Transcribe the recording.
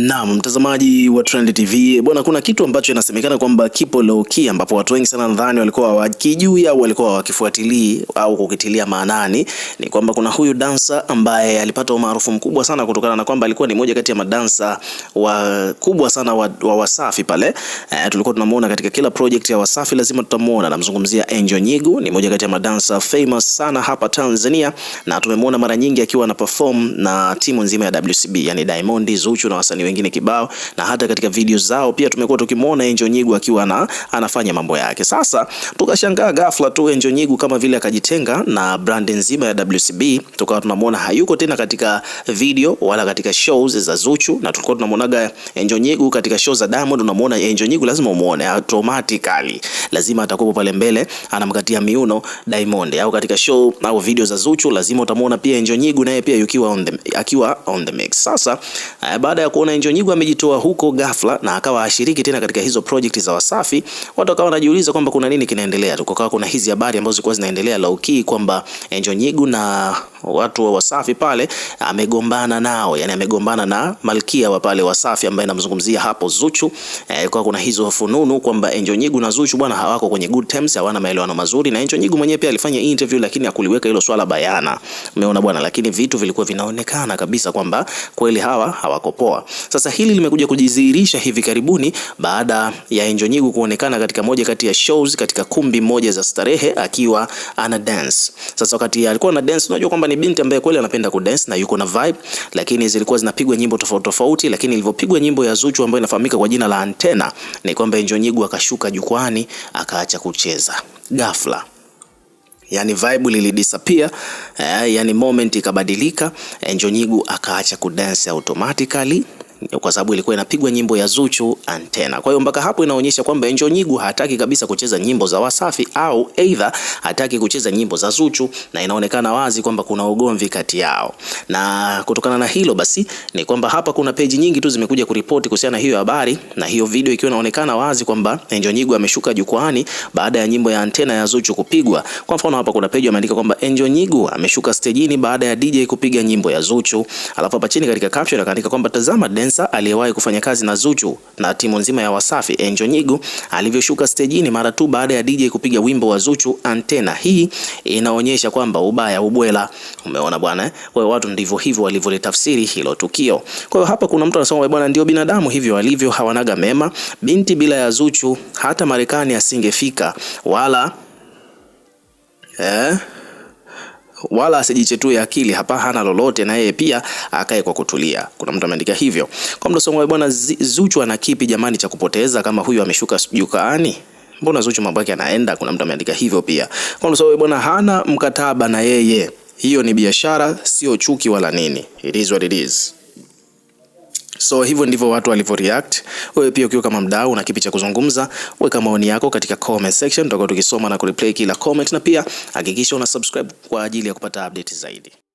Naam, mtazamaji wa Trend TV bwana, kuna kitu ambacho inasemekana kwamba kipo low key, ambapo watu wengi sana nadhani walikuwa wakijui au walikuwa hawakifuatilii au kukitilia maanani. Ni kwamba kuna huyu dansa ambaye alipata umaarufu mkubwa sana kutokana na kwamba alikuwa ni moja kati ya madansa wakubwa sana wa, wa Wasafi pale. eh, tulikuwa tunamuona katika kila project ya Wasafi lazima tutamuona. Namzungumzia Angel Nyigu, ni moja kati ya madansa famous sana hapa Tanzania na tumemuona mara nyingi akiwa na perform na timu nzima ya WCB, yani Diamond, Zuchu na wasanii wengine kibao, na hata katika video zao pia tumekuwa tukimwona Enjo Nyigu akiwa na anafanya mambo yake. Sasa tukashangaa ghafla tu Enjo Nyigu kama vile akajitenga na brand nzima ya WCB, tukawa tunamwona hayuko tena katika video wala katika shows za Zuchu, na tulikuwa tunamwonaga Enjo Nyigu katika show za Diamond. Unamwona Enjo Nyigu lazima umuone automatically, lazima atakuwa pale mbele anamkatia miuno Diamond, au katika show au video za Zuchu lazima utamwona pia Enjo Nyigu naye pia yukiwa on the, akiwa on the mix. Sasa eh, baada ya kuona kuna Engineer amejitoa huko ghafla na akawa ashiriki tena katika hizo project za Wasafi, watu wakawa wanajiuliza kwamba kuna nini kinaendelea. Tukawa kuna hizi habari ambazo zilikuwa zinaendelea low key kwamba Engineer na watu wa Wasafi pale amegombana nao, yani amegombana na malkia wa pale Wasafi ambaye namzungumzia hapo Zuchu. E, kwa kuna hizo fununu kwamba Engineer na Zuchu bwana hawako kwenye good terms, hawana maelewano mazuri, na Engineer mwenyewe pia alifanya interview, lakini hakuliweka hilo swala bayana, umeona bwana, lakini vitu vilikuwa vinaonekana kabisa kwamba kweli hawa hawako poa. Sasa hili limekuja kujidhihirisha hivi karibuni baada ya enjonyigu Nyigu kuonekana katika moja kati ya shows katika kumbi moja za starehe akiwa ana dance. Sasa wakati alikuwa ana dance, unajua kwamba ni binti ambaye kweli anapenda dance na yuko na vibe, lakini zilikuwa zinapigwa nyimbo tofauti tofauti, lakini ilivyopigwa nyimbo ya Zuchu ambayo inafahamika kwa jina la Antena ni kwamba enjonyigu Nyigu akashuka jukwani akaacha kucheza ghafla. Yani vibe lilidisappear, eh, yani moment ikabadilika. Enjo Nyigu akaacha kudance automatically kwa sababu ilikuwa inapigwa nyimbo ya Zuchu Antena. Kwa hiyo mpaka hapo inaonyesha kwamba Enjo Nyigu hataki kabisa kucheza nyimbo za Wasafi au either hataki kucheza nyimbo za Zuchu, na inaonekana wazi kwamba kuna ugomvi kati yao. Na kutokana na hilo basi ni kwamba hapa kuna peji nyingi tu zimekuja kuripoti kuhusiana na hiyo habari na hiyo video ikiwa inaonekana wazi kwamba Enjo Nyigu ameshuka jukwani baada ya nyimbo ya Antena ya Zuchu kupigwa. Kwa mfano hapa kuna peji imeandika kwamba Enjo Nyigu ameshuka stejini baada ya DJ kupiga nyimbo ya Zuchu. Alafu hapa chini katika caption akaandika kwamba tazama dance Spencer aliyewahi kufanya kazi na Zuchu na timu nzima ya Wasafi Enjo Nyigu alivyoshuka stejini mara tu baada ya DJ kupiga wimbo wa Zuchu Antena. Hii inaonyesha kwamba ubaya ubwela. Umeona bwana eh? Kwa hiyo watu ndivyo hivyo walivyolitafsiri hilo tukio. Kwa hiyo hapa kuna mtu anasema bwana, ndio binadamu hivyo walivyo, hawanaga mema. Binti bila ya Zuchu hata Marekani asingefika wala eh? wala asijichetue akili hapa, hana lolote na yeye pia akae kwa kutulia. Kuna mtu ameandika hivyo. Kwa mdosomo bwana, Zuchu ana kipi jamani cha kupoteza kama huyu ameshuka jukaani? Mbona Zuchu mambo yake anaenda? Kuna mtu ameandika hivyo pia. Kwa mdosomo bwana, hana mkataba na yeye, hiyo ni biashara, sio chuki wala nini. It is what it is. So hivyo ndivyo watu walivyoreact. Wewe pia ukiwa kama mdau na kipi cha kuzungumza, weka maoni yako katika comment section, tutakuwa tukisoma na kureplay kila comment, na pia hakikisha una subscribe kwa ajili ya kupata update zaidi.